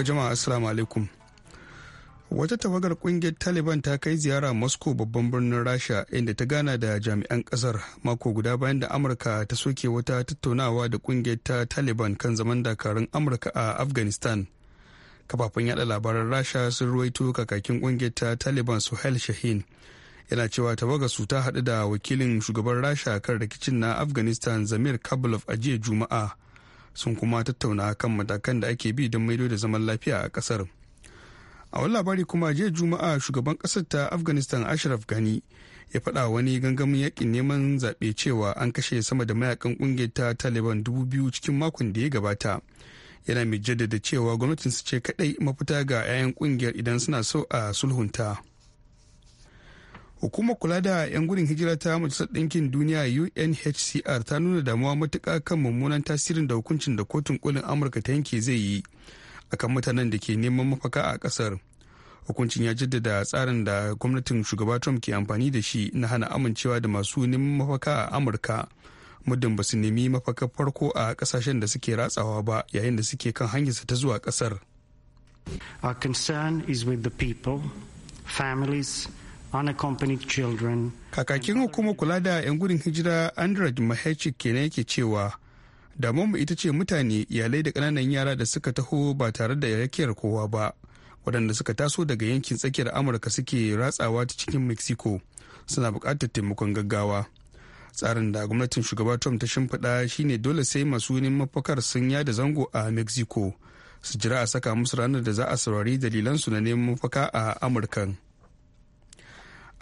To jama'a assalamu alaikum. Wata tawagar kungiyar Taliban ta kai ziyara Moscow babban birnin Rasha inda ta gana da jami'an kasar mako guda bayan da Amurka ta soke wata tattaunawa da kungiyar ta Taliban kan zaman dakarun Amurka a Afghanistan. Kafafen yada labaran Rasha sun ruwaito kakakin kungiyar ta Taliban Suhail Shahin. Yana cewa tawaga su ta hadu da wakilin shugaban Rasha kan rikicin na Afghanistan Zamir Kabulov a jiya Juma'a. sun kuma tattauna kan matakan da ake bi don maido da zaman lafiya a kasar a wani labari kuma jiya juma'a shugaban kasar ta afghanistan ashraf ghani ya faɗa wani gangamin yakin neman zaɓe cewa an kashe sama da mayakan ƙungiyar ta taliban dubu biyu cikin makon da ya gabata yana mai jaddada cewa gwamnatinsu ce kaɗai mafita ga 'ya'yan ƙungiyar idan suna so a sulhunta. hukumar kula da 'yan gudun hijira ta majalisar ɗinkin duniya unhcr ta nuna damuwa matuƙa kan mummunan tasirin da hukuncin da kotun kolin amurka ta yanke zai yi akan mutanen da ke neman mafaka a ƙasar hukuncin ya jaddada tsarin da gwamnatin shugaba trump ke amfani da shi na hana amincewa da masu neman mafaka a amurka muddin ba su nemi mafaka farko a ƙasashen da suke ratsawa ba yayin da suke kan hanyarsa ta zuwa ƙasar. Our concern is with the people, families, unaccompanied children. Kakakin hukumar kula da 'yan gudun hijira Andred Mahechik kenan yake cewa damuwa ita ce mutane iyalai da ƙananan yara da suka taho ba tare da yakiyar kowa ba wadanda suka taso daga yankin tsakiyar amurka suke ratsawa ta cikin mexico suna bukatar taimakon gaggawa tsarin da gwamnatin shugaba trump ta shimfiɗa shine dole sai masu neman mafakar sun yada zango a mexico su jira a saka musu ranar da za a saurari dalilansu na neman mafaka a amurkan.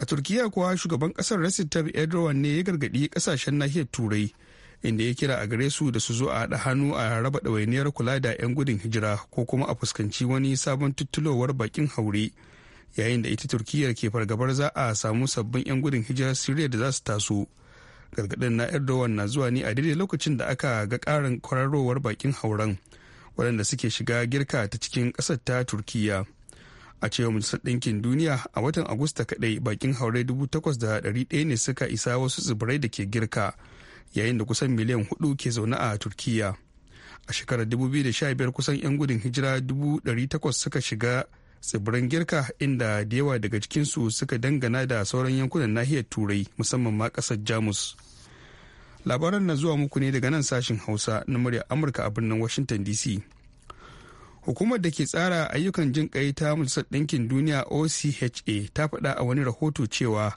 a turkiya kuwa shugaban kasar recep tayyip erdogan ne ya gargaɗi kasashen nahiyar turai inda ya kira a gare su da su zo a haɗa hannu a raba ɗawainiyar kula da 'yan gudun hijira ko kuma a fuskanci wani sabon tuttulowar bakin haure yayin da ita turkiya ke fargabar za a samu sabbin 'yan gudun hijira siriya da za su taso gargaɗin na erdogan na zuwa ne a daidai lokacin da aka ga ƙarin kwararowar bakin hauren waɗanda suke shiga girka ta cikin ƙasar ta turkiya a cewa majalisar ɗinkin duniya a watan agusta kaɗai bakin haure 8,100 ne suka isa wasu tsibirai da ke girka yayin da kusan miliyan hudu ke zaune a turkiya a shekarar 2015 kusan 'yan gudun hijira dubu takwas suka shiga tsibirin girka inda da yawa daga cikinsu suka dangana da sauran yankunan nahiyar turai musamman ma ƙasar jamus labaran na zuwa muku ne daga nan sashin hausa na murya amurka a birnin washington dc hukumar da ke tsara ayyukan jin kai ta majalisar ɗinkin duniya ocha ta faɗa a wani rahoto cewa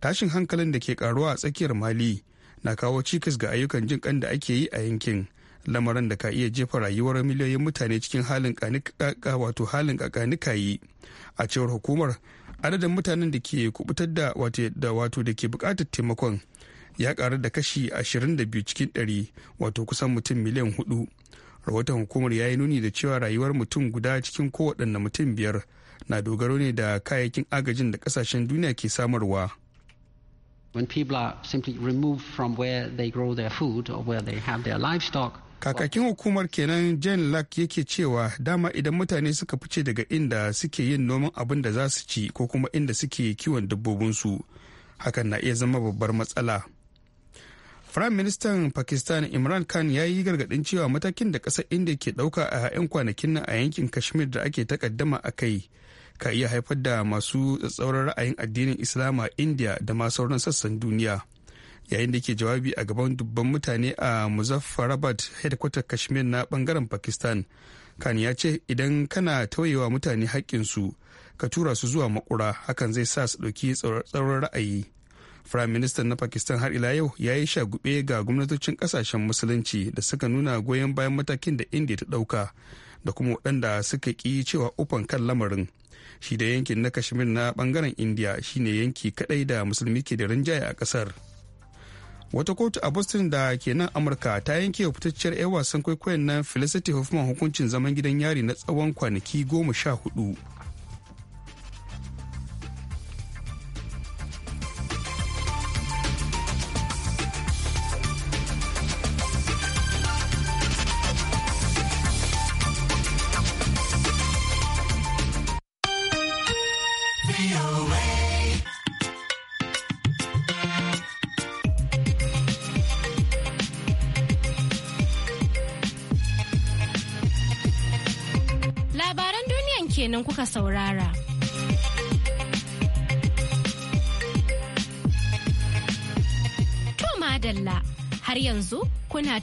tashin hankalin da ke karuwa a tsakiyar mali na kawo cikas ga ayyukan jin kan da ake yi a yankin lamarin da ka iya jefa rayuwar miliyoyin mutane cikin halin wato halin yi a cewar hukumar adadin mutanen da ke kubutar da wato da ke bukatar taimakon ya karu da kashi 22 cikin 100 wato kusan mutum miliyan huɗu. rahoton hukumar ya yi nuni da cewa rayuwar mutum guda cikin kowaɗanne mutum biyar na dogaro ne da kayayyakin agajin da ƙasashen duniya ke samarwa kakakin hukumar kenan jen lack yake cewa dama idan mutane suka fice daga inda suke yin noman abin da za su ci ko kuma inda suke kiwon dabbobinsu hakan na iya zama babbar matsala Prime Ministan Pakistan Imran Khan ya yi gargaɗin cewa matakin da ƙasar India ke ɗauka a 'yan kwanakin nan a yankin Kashmir da ake takaddama a kai ka iya haifar da masu tsatsauran ra'ayin addinin a India da ma sauran sassan duniya. Yayin da ke jawabi a gaban dubban mutane a Muzaffarabad headquarter Kashmir na bangaren Pakistan. Khan ya ce idan kana tauyewa mutane haƙƙinsu ka tura su zuwa makura hakan zai sa su ɗauki tsauraran ra'ayi. Prime Minister na Pakistan har ila yau ya yi shagube ga gwamnatocin kasashen musulunci da suka nuna goyon bayan matakin da India ta dauka da kuma waɗanda suka ki cewa ufan kan lamarin. Shi da yankin na Kashmir na bangaren India shine yanki kaɗai da musulmi ke da rinjaye a kasar. Wata kotu a Boston da ke nan Amurka ta yanke wa fitacciyar 'yan wasan kwaikwayon nan Felicity Hoffman hukuncin zaman gidan yari na tsawon kwanaki goma sha hudu.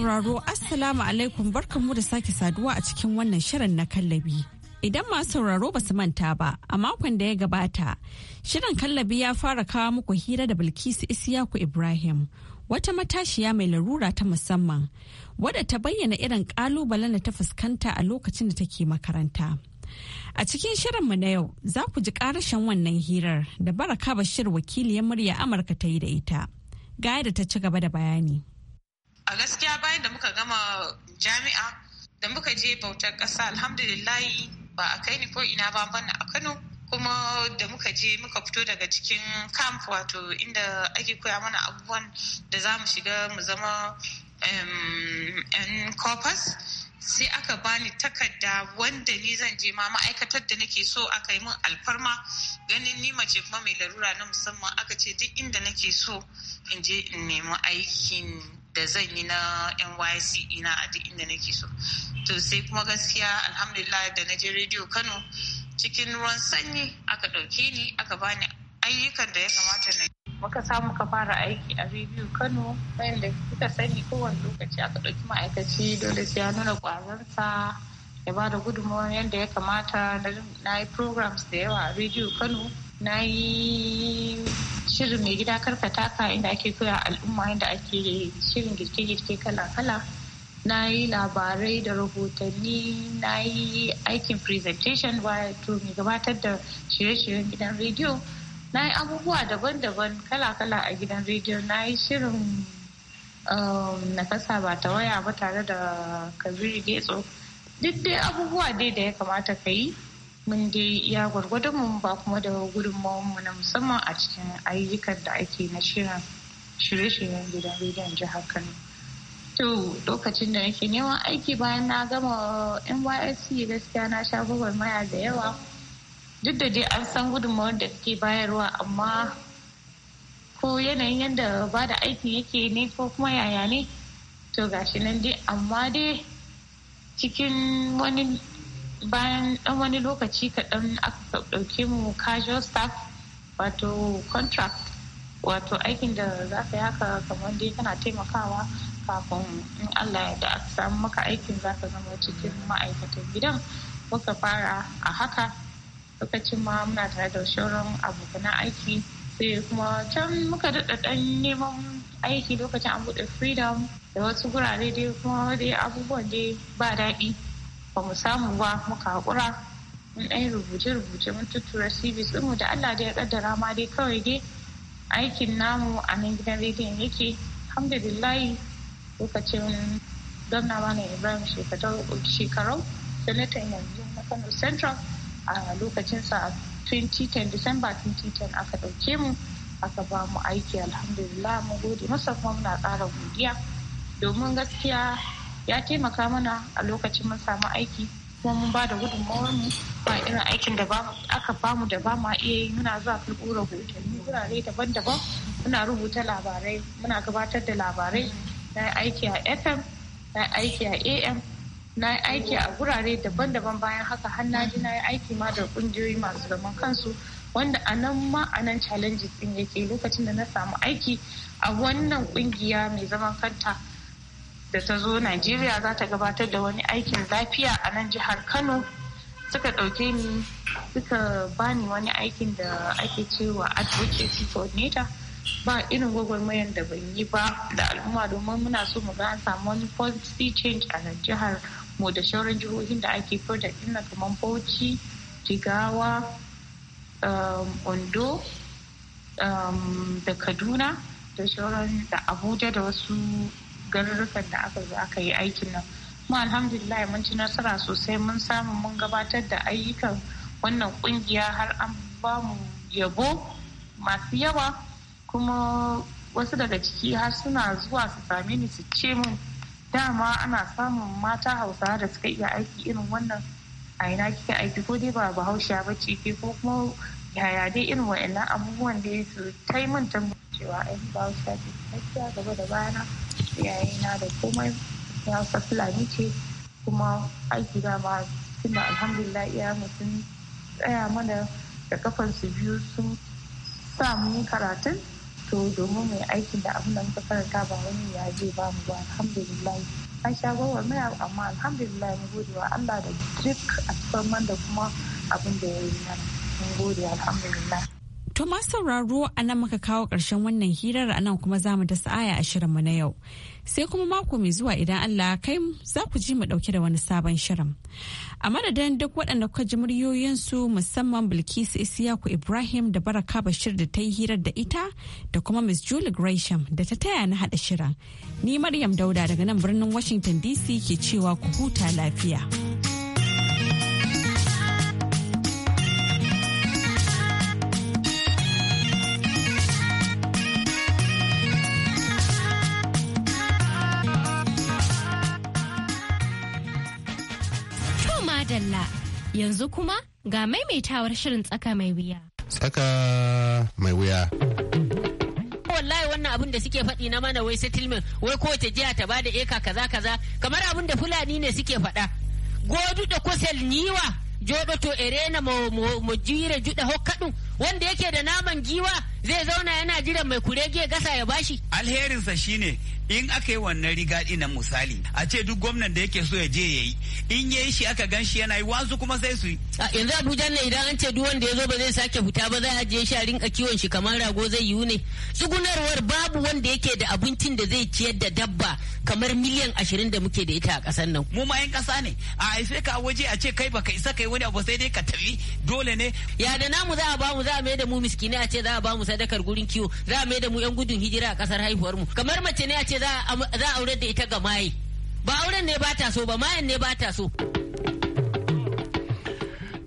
sauraro Assalamu alaikum barkanmu da sake saduwa a cikin wannan shirin na kallabi. Idan masu sauraro ba su manta ba, a makon da ya gabata, shirin kallabi ya fara kawo muku hira da Bilkisu Isiyaku Ibrahim, wata matashiya mai larura ta musamman, wadda ta bayyana irin kalubalen da ta fuskanta a lokacin da take makaranta. A cikin shirin mu na yau za ku ji karashen wannan hirar da baraka bashir wakiliyar murya Amurka ta yi da ita. Ga da ta ci gaba da bayani. a gaskiya bayan da muka gama jami'a da muka je bautar ƙasa alhamdulillahi ba a kai ni ko ina ba ban a kano kuma da muka je muka fito daga cikin camp wato inda ake koya mana abubuwan da za mu shiga mu zama yan corpus sai aka bani takarda wanda ni zan je ma ma'aikatar da nake so aka yi min alfarma ganin ni mace kuma mai larura na musamman aka ce duk inda nake so in je in nemi aikin da zan yi na nyc ina a duk inda nake so to sai kuma gaskiya alhamdulillah da na je rediyo kano cikin ruwan sanyi aka ɗauke ni aka bani ayyukan da ya kamata na muka samu muka fara aiki a rediyo kano wanda kuka sani kowane lokaci aka ɗauki ma'aikaci dole sai ya nuna ƙwazonsa ya ba da gudunmawar yadda ya kamata na yi programs da yawa a rediyo kano na yi shirin mai gida karka taka inda ake koya al'umma inda ake shirin girke-girke kala-kala na yi labarai da rahotanni na yi aikin presentation wato mai gabatar da shirye-shiryen gidan rediyo na yi abubuwa daban-daban kala-kala a gidan rediyo na yi shirin um, nakasa ba ta waya ba tare da kabiru getso duk dai abubuwa dai da ya kamata ka yi mun dai iya gwargwadon mu ba kuma da gudunmawar mu na musamman a cikin ayyukan da ake na shirin shirye-shiryen gidan rediyon jihar Kano. To lokacin da nake neman aiki bayan na gama NYSC gaskiya na sha maya da yawa duk da dai an san gudunmawar da suke bayarwa amma ko yanayin yadda ba da aiki yake ne ko kuma yaya ne to gashi nan dai amma dai cikin wani bayan dan wani lokaci kaɗan aka ɗauke mu casual staff wato contract wato aikin da za ka yi haka kamar dai kana taimakawa kafin in allah da aka samu maka aikin za ka zama cikin ma'aikatan gidan muka fara a haka lokacin ma muna tare da shauran abokanan aiki sai kuma can muka daɗa ɗan neman aiki lokacin an buɗe freedom da wasu gurare dai kuma dai abubuwan dai ba daɗi ba mu samu ba muka haƙura mun ɗan rubuce-rubuce mun tuttura cvs ɗinmu da allah da ya ƙaddara ma dai kawai dai aikin namu a nan gidan rediyon yake alhamdulillahi lokacin gwamna mana ibrahim shekarau sanatan yanzu na kano central a lokacinsa a 2010 december 2010 aka ɗauke mu aka ba mu aiki alhamdulillah mu gode masa kuma muna ƙara godiya domin gaskiya ya taimaka mana a lokacin mun samu aiki kuma mun ba da gudunmawar mu ba irin aikin da aka bamu da ba ma iya yi muna zuwa karɓo rahotanni wurare daban-daban muna rubuta labarai muna gabatar da labarai na aiki a fm na aiki a am na aiki a gurare daban-daban bayan haka har na ji na aiki ma da ƙungiyoyi masu zaman kansu wanda a nan ma a nan challenges din yake lokacin da na samu aiki a wannan kungiya mai zaman kanta da ta zo Najeriya za ta gabatar da wani aikin lafiya a nan jihar Kano suka ɗauke ni suka bani wani aikin da ake cewa advocacy coordinator ba irin gwagwarmayar da ban yi ba da al'umma domin muna so mu ga an samu wani policy change a nan jihar mu da shauran jihohin da ake project ina na kamar Bauchi, Jigawa, um, Ondo um, da Kaduna da shauran da Abuja da wasu garurrukan da aka zo aka yi aikin nan mu alhamdulillah mun ci nasara sosai mun samu mun gabatar da ayyukan wannan kungiya har an ba mu yabo masu yawa kuma wasu daga ciki har suna zuwa su same ni su ce mun dama ana samun mata hausawa da suka iya aiki irin wannan a ina kika aiki ko dai ba bahaushe ba ce ke ko kuma yaya dai irin wa'annan abubuwan da ya su taimanta cewa ai bahaushe ce gaskiya gaba da bayana iyayena da komai ya hausa fulani ce kuma aiki ma tunda alhamdulillah iya sun tsaya mana da su biyu sun sa mu karatun to domin mai aikin da abin da muka karanta ba wani ya je ba mu ba alhamdulillah an sha mai maya amma alhamdulillah mu gode wa Allah da duk cikin da kuma abin da ya yi mana mun gode alhamdulillah To masu sauraro a nan muka kawo ƙarshen wannan hirar a nan kuma za mu da sa'aya a mu na yau. Sai kuma mako mai zuwa idan Allah kai za ku ji mu ɗauke da wani sabon shirin. A madadin duk waɗanda kuka ji muryoyinsu musamman Bilkisu Isiyaku Ibrahim da Baraka Bashir da ta yi hirar da ita da kuma Miss Julie Gresham da ta taya na haɗa shirin. Ni Maryam Dauda daga nan birnin Washington DC ke cewa ku huta lafiya. Yanzu kuma ga maimaitawar shirin tsaka mai wuya. Tsaka mai wuya. wallahi wannan abin da suke faɗi na mana wai settlement wai kowace jiya ta bada eka kaza kaza kamar abin da fulani ne suke faɗa godu da kusel niwa jodo to erena mo, mo, jira juda wanda yake da naman giwa zai zauna yana jiran mai kurege gasa ya bashi alherinsa shine in aka yi wannan riga na misali a ce duk gwamnan da yake so ya je yayi in yayi shi aka gan shi yana yi wasu kuma sai su yi yanzu abuja ne idan an ce duk wanda ya zo ba zai sake fita ba zai ajiye shi a rinka kiwon shi kamar rago zai yiwu ne tsugunarwar babu wanda yake da abincin da zai ciyar da dabba kamar miliyan ashirin da muke da ita a ƙasar nan mu ma yan ƙasa ne a haife ka waje a ce kai baka isa kai wani abu sai dai ka tafi dole ne ya da namu za a ba mu za a mai da mu miskini a ce za a ba mu sadakar gurin kiwo za a mai da mu yan gudun hijira a kasar haihuwar mu kamar mace ne a ce za a aure da ita ga maye ba auren ne ba ta so ba mayan ne ba ta so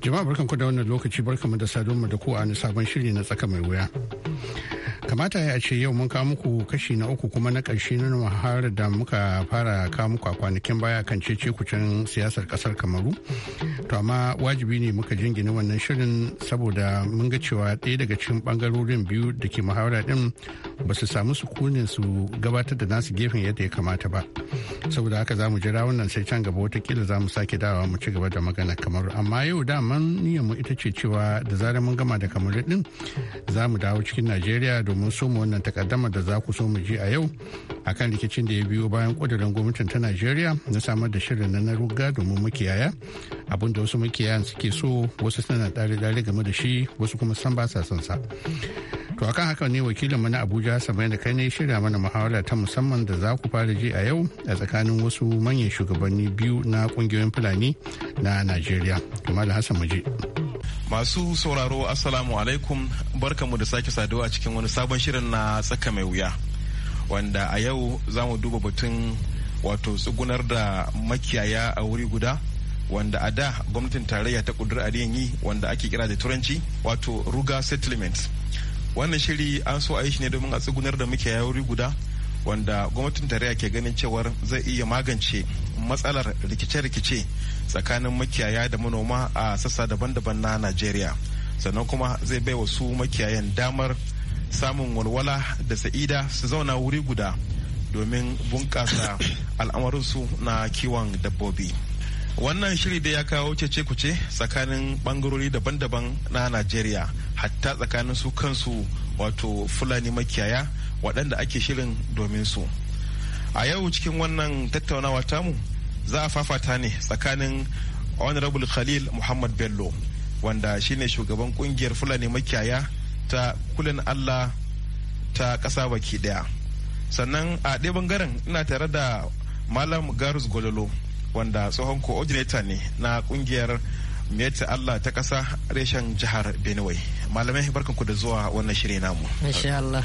jama'a barkan da wannan lokaci mu da mu da ku a sabon shiri na tsaka mai wuya kamata ya ce yau mun kawo muku kashi na uku kuma na ƙarshe na har da muka fara kawo muku a kwanakin baya kan cece kucin siyasar ƙasar kamaru to amma wajibi ne muka jingina wannan shirin saboda mun ga cewa ɗaya daga cikin ɓangarorin biyu da ke muhawara ɗin ba su samu sukunin su gabatar da nasu gefen yadda ya kamata ba saboda haka za mu jira wannan sai can gaba watakila za mu sake dawa mu ci gaba da magana kamar amma yau daman niyan mu ita ce cewa da zarar mun gama da kamar din za mu dawo cikin najeriya domin so mu wannan takaddama da za ku so mu ji a yau akan rikicin da ya biyo bayan kudirin gwamnatin ta najeriya na samar da shirin na na ruga domin makiyaya abin da wasu makiyayan suke so wasu suna dare-dare game da shi wasu kuma san ba sa son sa To akan haka ne wakilin na Abuja Samai da kai ne shirya mana muhawara ta musamman da za ku fara ji a yau a tsakanin wasu manyan shugabanni biyu na kungiyoyin Fulani na Najeriya. Kamal Hassan Maje. Masu sauraro Assalamu alaikum barkamu da sake saduwa cikin wani sabon shirin na tsaka mai wuya. Wanda a yau za mu duba batun wato tsugunar da makiyaya a wuri guda wanda a da gwamnatin tarayya ta kudur yi wanda ake kira da turanci wato ruga settlement. wannan shiri an so a yi shi ne domin a tsugunar da muke wuri guda wanda gwamnatin tarayya ke ganin cewar zai iya magance matsalar rikice-rikice tsakanin makiyaya da manoma a sassa daban-daban na najeriya sannan kuma zai bai wasu su makiyayan damar samun walwala da sa'ida su zauna wuri guda domin bunƙasa al'amarinsu na kiwon dabbobi. wannan shiri da ya kawo cece kuce tsakanin bangarori daban-daban na najeriya hatta tsakanin su kansu wato fulani makiyaya waɗanda ake shirin domin su a yau cikin wannan tattaunawa tamu za a fafata ne tsakanin honorable khalil muhammad bello wanda shine shugaban kungiyar fulani makiyaya ta kulin allah ta ƙasa baki ɗaya sannan a ɗaya bangaren ina tare da malam garus gololo wanda tsohon coordinator ne na kungiyar meta Allah ta kasa reshen jihar Benue. Malamai barkanku da zuwa wannan shirye namu. Insha Allah.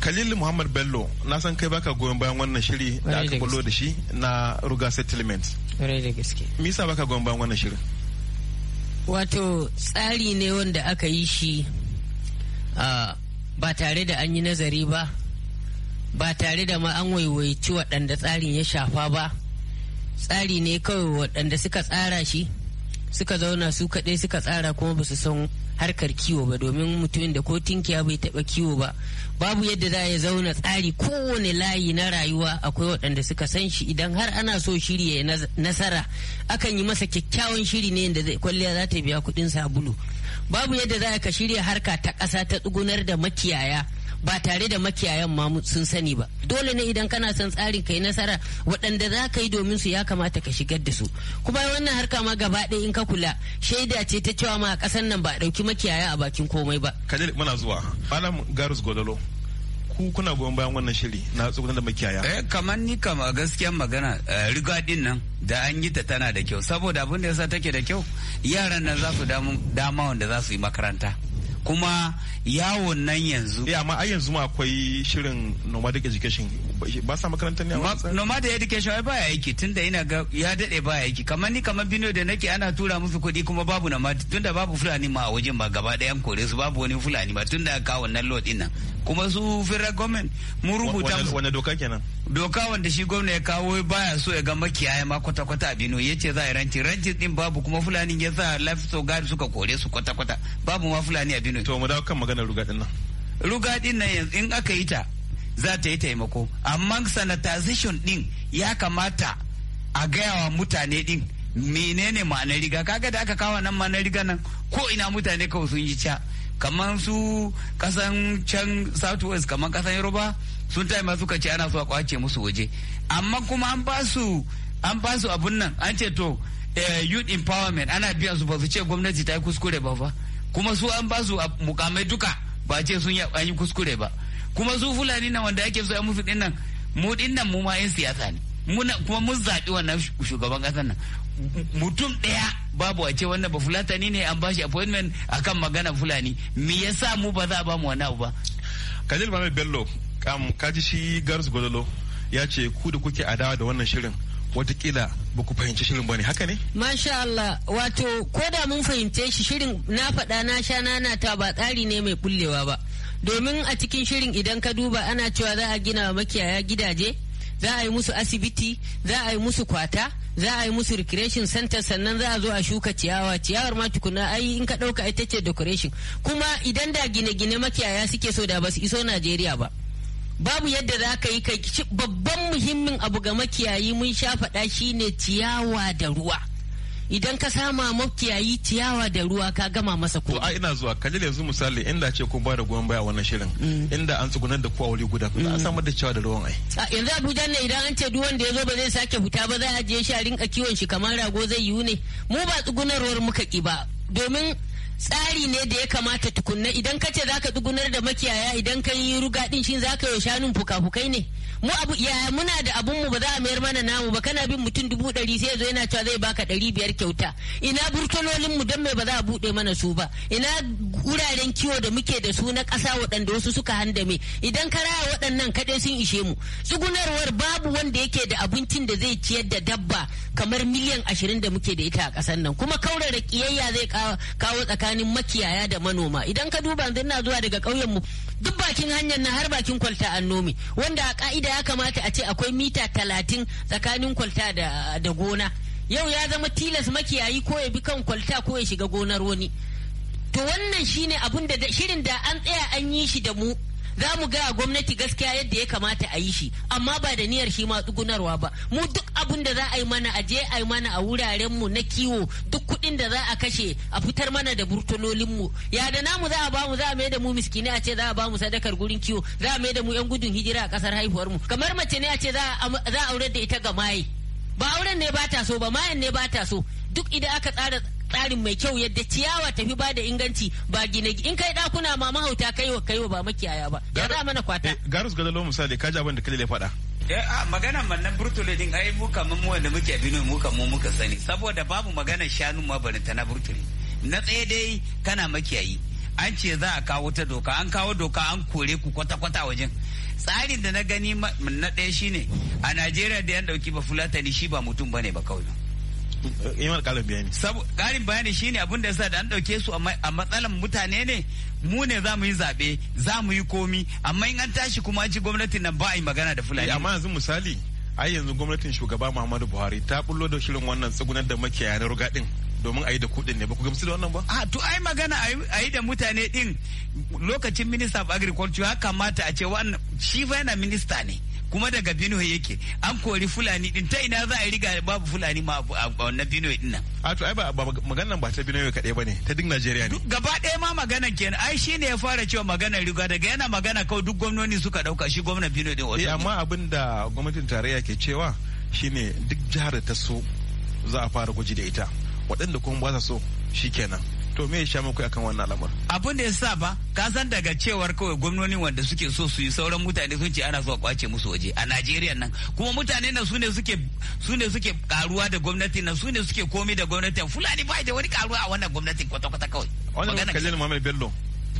Khalil Muhammad Bello na san kai baka goyon bayan wannan shiri da aka bulo da shi na Ruga Settlement. Ƙwarai da gaske. Me yasa baka goyon bayan wannan shirin? Wato tsari ne wanda aka yi shi ba tare da an yi nazari ba, ba tare da ma an waiwaici waɗanda tsarin ya shafa ba. tsari ne kawai waɗanda suka tsara shi suka zauna su kaɗai suka tsara kuma ba su san harkar kiwo ba domin mutumin da ko tinkiya bai taɓa kiwo ba babu yadda za ya zauna tsari kowane layi na rayuwa akwai waɗanda suka san shi idan har ana so shiri ya nasara akan yi masa kyakkyawan shiri ne da kwalliya za ta biya kuɗin sabulu babu yadda za ka shirya harka ta ƙasa ta tsugunar da makiyaya ba tare da makiyayan ma sun sani ba dole ne idan kana son tsarin kai nasara waɗanda za ka yi domin su ya kamata ka shigar da su kuma wannan harka ma gaba ɗaya in ka kula shaida ce ta cewa ma a ƙasar nan ba a ɗauki makiyaya a bakin komai ba kaje muna zuwa malam garus godolo ku kuna goyon bayan wannan shiri na tsugunan da makiyaya eh kamar ni kama gaskiyar magana eh, riga din nan da an yi ta tana da kyau saboda abin da yasa take da kyau yaran nan za su dama wanda za su yi makaranta kuma yawon nan yanzu Ya eh, amma ai yanzu ma akwai shirin nomadic education ba sa makarantar ne a nomadic education ai baya aiki tunda ina ga ya dade ya aiki kamar ni kamar bino da nake ana tura musu kuɗi kuma babu nomadic tunda babu fulani ma a wajen ba gaba ɗaya an kore su babu wani fulani ba tunda ka wannan lot din nan kuma su federal government mun rubuta wannan doka kenan doka wanda shi gwamna ya kawo baya so ya ga makiyaya ma kwata-kwata a Benue ya ce za a ranci ranci din babu kuma fulani ya sa so gari suka kore su kwata-kwata babu ma fulani a Benue. To mu dawo kan maganar rugadin nan. rugadin nan yanzu in aka yi ta za ta yi taimako amma sanitization din ya kamata a gaya wa mutane din menene ma'anar riga kaga da aka kawo nan ma'anar riga nan ko ina mutane kawai sun yi ca kamar su kasan can south west kamar kasan yoruba sun tayi ma suka ce ana so a kwace musu waje amma kuma an ba su an ba su abun nan an ce to eh, youth empowerment ana biyan su ba su ce gwamnati ta yi kuskure ba fa kuma su an ba su mukamai duka ba ce sun yi kuskure ba kuma su fulani na wanda ake so ya musu dinnan mu dinnan mu ma yan siyasa ne muna kuma mun zaɓi wannan shugaban ƙasar nan mutum ɗaya babu a ce wannan ba fulatani ne an bashi appointment akan magana fulani me yasa mu ba za a ba mu wani abu ba Kajil Mame Bello kam kaji shi gars gololo ya ce ku da kuke adawa da wannan shirin watakila ba ku fahimci shirin ba ne haka ne? Masha Allah wato ko da mun fahimce shi shirin na faɗa na sha na ta ba tsari ne mai bullewa ba domin a cikin shirin idan ka duba ana cewa za a gina wa makiyaya gidaje za a yi musu asibiti za a yi musu kwata za a yi musu recreation center sannan za a zo a shuka ciyawa ciyawar ma tukuna ai in ka ɗauka ita ce decoration kuma idan da gine-gine makiyaya suke so da ba su iso Najeriya ba babu yadda za ka yi kai babban muhimmin abu ga makiyayi mun sha faɗa shine ciyawa da ruwa idan ka sama makiyayi ciyawa da ruwa ka gama masa ko a ina zuwa kalli yanzu misali inda ce kun ba da goyon baya wannan shirin mm. inda an tsugunar da kowa wuri guda kuma a mm. samar da ciyawa da ruwan ai a yanzu Abuja ne idan an ce duk wanda ya zo ba zai sake fita ba za a je shi a rinka kiwon shi kamar rago zai yiwu ne mu ba tsugunarwar muka ki ba domin tsari ne da ya kamata tukunna idan ka ce zaka dugunar da makiyaya idan ka yi ruga din shin zaka yi shanun fuka-fukai ne mu abu muna da abun mu ba za a mayar mana namu ba kana bin mutum dubu ɗari sai zo yana cewa zai baka ɗari biyar kyauta ina burtololin mu don me ba za a buɗe mana su ba ina wuraren kiwo da muke da su na ƙasa waɗanda wasu suka handame idan ka raya waɗannan kaɗai sun ishe mu tsugunarwar babu wanda yake da abincin da zai ciyar da dabba kamar miliyan ashirin da muke da ita a ƙasar nan kuma kaurara ƙiyayya zai kawo tsakanin tsakanin makiyaya da manoma idan ka duba yanzu ina zuwa daga ƙauyen mu duk bakin hanyar na har bakin kwalta an nome wanda a ka'ida ya kamata a ce akwai mita talatin tsakanin kwalta da, gona yau ya zama tilas makiyayi ko ya bi kan kwalta ko ya shiga gonar wani to wannan shine abun da shirin da an tsaya an yi shi da mu za mu gaya gwamnati gaskiya yadda ya kamata a yi shi amma ba da niyyar shi ma tsugunarwa ba mu duk abin da za a yi mana a je a yi mana a wuraren mu na kiwo duk kuɗin da za a kashe a fitar mana da burtololin mu ya da namu za a bamu za a mu miskini a ce za a bamu sadakar gurin kiwo za a mu yan gudun hijira a kasar haihuwar mu kamar mace ne a ce za a aure da ita ga maye ba auren ne ba ta so ba mayan ne ba ta so duk idan aka tsara tsarin mai kyau yadda ciyawa tafi ba da inganci ba gine in kai dakuna ma mahauta kai wa kai wa ba makiyaya ba ya za mana kwata eh, garus gadalo misali ji abin da kalle faɗa eh, magana man na burtule din ai mu kaman mu wanda muke abinu mu kan mu muka sani saboda babu magana shanu ma bari ta na burtule na tsaye dai kana makiyayi an ce za a kawo ta doka an kawo doka an kore ku kwata-kwata wajen tsarin da na gani na ɗaya shine a najeriya da yan ɗauki ba fulatani shi ba mutum bane ba kawai yi eh, mana bayani Sabu karin bayani shine abin da yasa da an dauke su a matsalan mutane ne mu ne za mu yi zaɓe za mu yi komi amma in an tashi kuma an ci gwamnatin nan ba a yi magana da fulani eh, amma yanzu misali ai yanzu gwamnatin shugaba Muhammadu Buhari ta bullo da shirin wannan tsugunar da makiyaya na ruga din domin a yi da kuɗin ne ba ku gamsu da wannan ba? A ah, to ai magana a yi da mutane ɗin lokacin Minister of Agriculture ya kamata a ce wannan shi fa yana minista ne. kuma daga Benue yake an kori Fulani din ta ina za a riga babu Fulani ma a wannan Benue din nan. A to ai ba maganar ba ta Benue kaɗai ba ne ta duk Najeriya ne. Gaba ɗaya ma maganar kenan ai shi ne ya fara cewa maganar riga daga yana magana kawai duk gwamnoni suka ɗauka shi gwamnan Benue din. Eh amma abin da gwamnatin tarayya ke cewa shine duk jihar ta so za a fara gwaji da ita waɗanda kuma ba sa so shi kenan. to me sha muku akan wannan al'amar abin da ya sa ba ka san daga cewar kawai gwamnoni wanda suke so su yi sauran mutane sun ce ana so a kwace musu waje a Najeriya nan kuma mutane nan sune suke sune suke karuwa da gwamnati nan sune suke komai da gwamnati Fulani ba da wani karuwa a wannan gwamnati kwata kwata kawai wannan kajin Muhammad Bello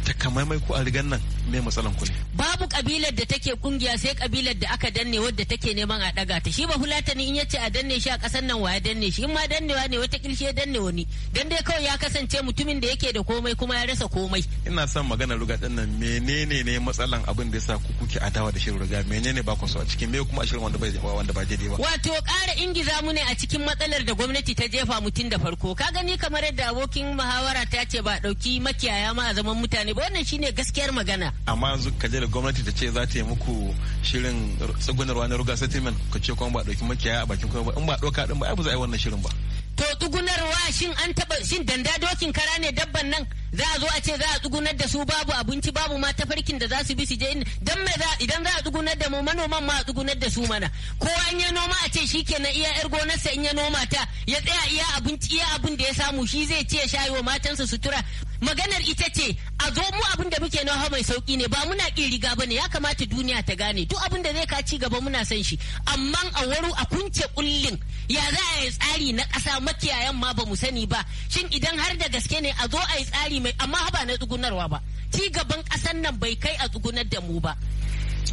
takamaimai ku a rigan nan me matsalan ku ne. Babu kabilar da take kungiya sai kabilar da aka danne wadda take neman a daga ta. Shi ba ni in yace a danne shi a kasan nan wa ya danne shi in ma dannewa ne wata kilshi ya danne wani. Dan dai kawai ya kasance mutumin da yake da komai kuma ya rasa komai. Ina son magana ruga ɗin nan menene ne matsalan abin da ya sa ku kuke adawa da shirin ruga menene ba ku so a cikin me kuma a shirin wanda bai wanda ba daidai ba. Wato ƙara ingiza mu ne a cikin matsalar da gwamnati ta jefa mutum da farko. Ka gani kamar yadda abokin muhawara ta ce ba ɗauki makiyaya ma a zaman mutane ba wannan shine gaskiyar magana amma yanzu ka je da gwamnati ta ce za ta yi muku shirin tsugunarwa na ruga settlement ka ce kuma ba dauki makiyaya a bakin kuma in ba doka din ba ai ba za a yi wannan shirin ba to tsugunarwa shin an taba shin danda dokin kara ne dabban nan za a zo a ce za a tsugunar da su babu abinci babu ma tafarkin da za su bi su je dan me za idan za a tsugunar da mu manoman ma a tsugunar da su mana kowa an yi noma a ce shi kenan iya yar gonarsa in ya noma ta ya tsaya iya abinci iya abin da ya samu shi zai ce shayi wa matansa sutura maganar ita ce a zo mu abin da muke nawa mai sauki ne ba muna ƙin riga bane ya kamata duniya ta gane duk abin da zai ka ci gaba muna san shi amma a waru a kunce kullin ya za a yi tsari na ƙasa makiyayan ma ba mu sani ba shin idan har da gaske ne a zo a yi tsari mai amma ba na tsugunarwa ba ci gaban ƙasan nan bai kai a tsugunar da mu ba.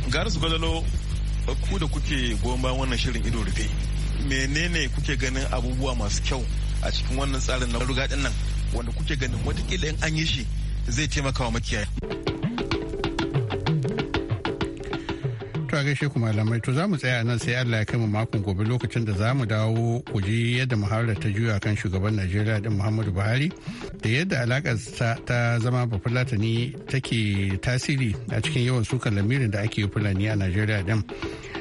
Garis Gwalalo ku da kuke goma wannan shirin ido rufe menene kuke ganin abubuwa masu kyau a cikin wannan tsarin na rugadin nan wanda kuke ganin watakila in an yi shi zai taimaka wa makiyaya. to gaishe ku malamai to zamu tsaya nan sai Allah ya kaimu makon gobe lokacin da za mu dawo ku ji yadda muhawarar ta juya kan shugaban Najeriya din Muhammadu Buhari da yadda alakar ta zama bafulatani take tasiri a cikin yawan sukan lamirin da ake yi Fulani a Najeriya din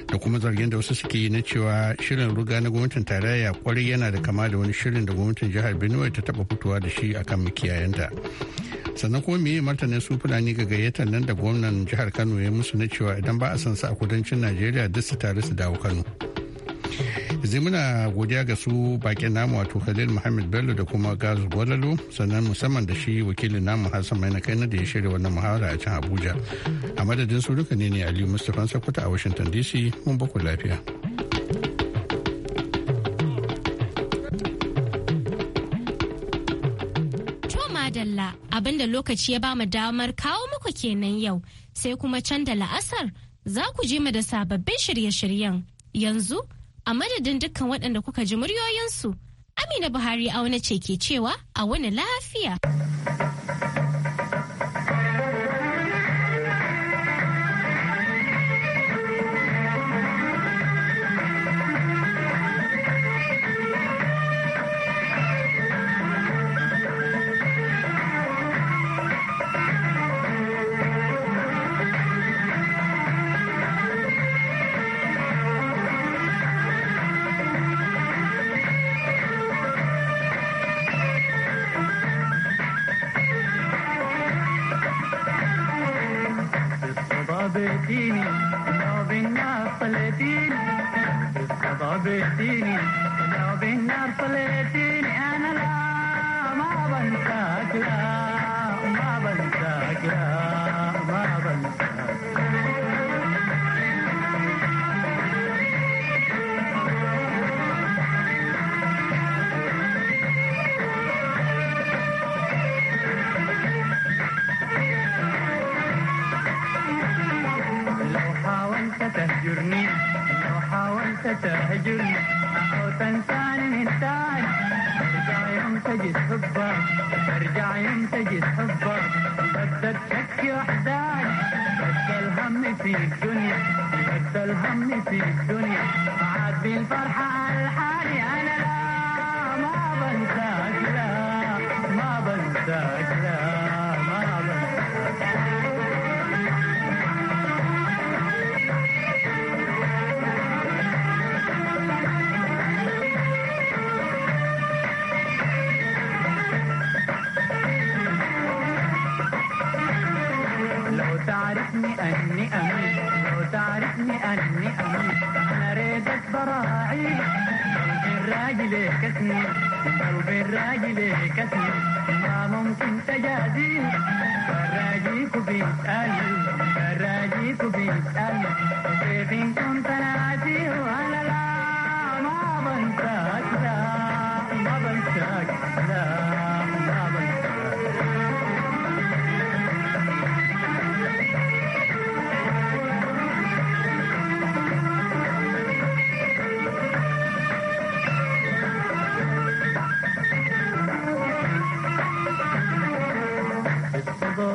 da kuma zargin da wasu suke yi na cewa shirin ruga na gwamnatin tarayya kwarai yana da kama da wani shirin da gwamnatin jihar Benue ta taba fitowa da shi akan makiyayanta. sannan kuma meye martanin su fulani ga gayyatar nan da gwamnan jihar kano ya musu na cewa idan ba a san su kudancin najeriya duk su taru su dawo kano zai muna godiya ga su bakin namu wato khalil muhammad bello da kuma gazu gwalalo sannan musamman da shi wakilin namu hassan mai na da ya shirya wannan muhawara a can abuja a madadin su duka ne ne aliyu mustapha sakuta a washington dc mun baku lafiya da lokaci ya ba mu damar kawo muku kenan yau sai kuma can da la'asar za ku je mu da sababbin shirye-shiryen yanzu a madadin dukkan waɗanda kuka ji muryoyinsu amina buhari auna ce ke cewa a wani lafiya. او تنساني من ثاني ارجع يوم تجد حبك ارجع يوم تجد حبك بدك شكي وحداني بدك الهم في الدنيا بدك الهم في الدنيا عاد بالفرحة على أني أمين لو تعرفني أني أمين أنا ريدك براعي قلبي الراجل كسني قلبي الراجل كسني ما ممكن تجازي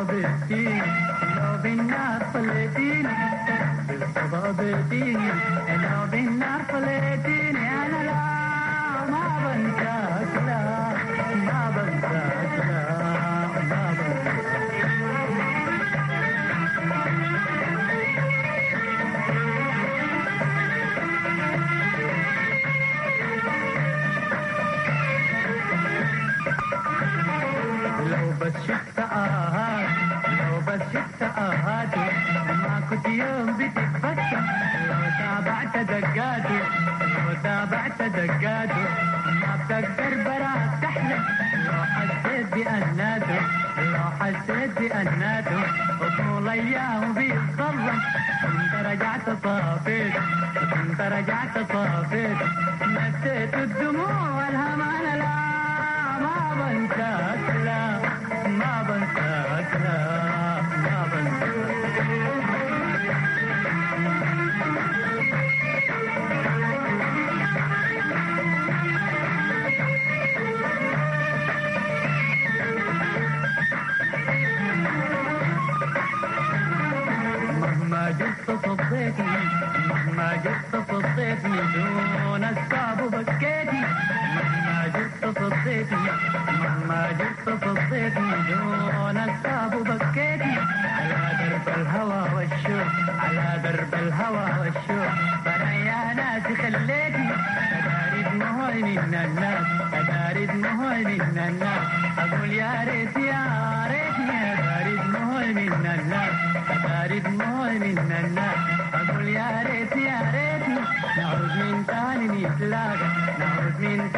betti, loving appaletini, Bilbo bettini, loving appaletini, and allow Mavan Kakla, Mavan Kakla, Mavan Love, but بالستة اهاتي ما كنت يوم بتتفتح لو تابعت دقاته لو تابعت دقاته ما بتقدر براك تحلم لو حسيت بأناته لو حسيت بأناته وطول أيام بيتظلم انت رجعت صافيت انت رجعت صافيت دون الصعب بكيتي مهما جئت فضيتي مهما جئت فضيتي دون الصعب بكيتي على درب الهوى والشوق على درب الهوى والشوق بريا ناس خليتي تبارد مهوي من الناس تبارد مهوي من الناس أقول يا ريت يا ريت يا بارد مهوي من الناس تبارد مهوي من الناس أقول يا ريت يا ريت نعوذ من تعليم إطلاقا نعوذ من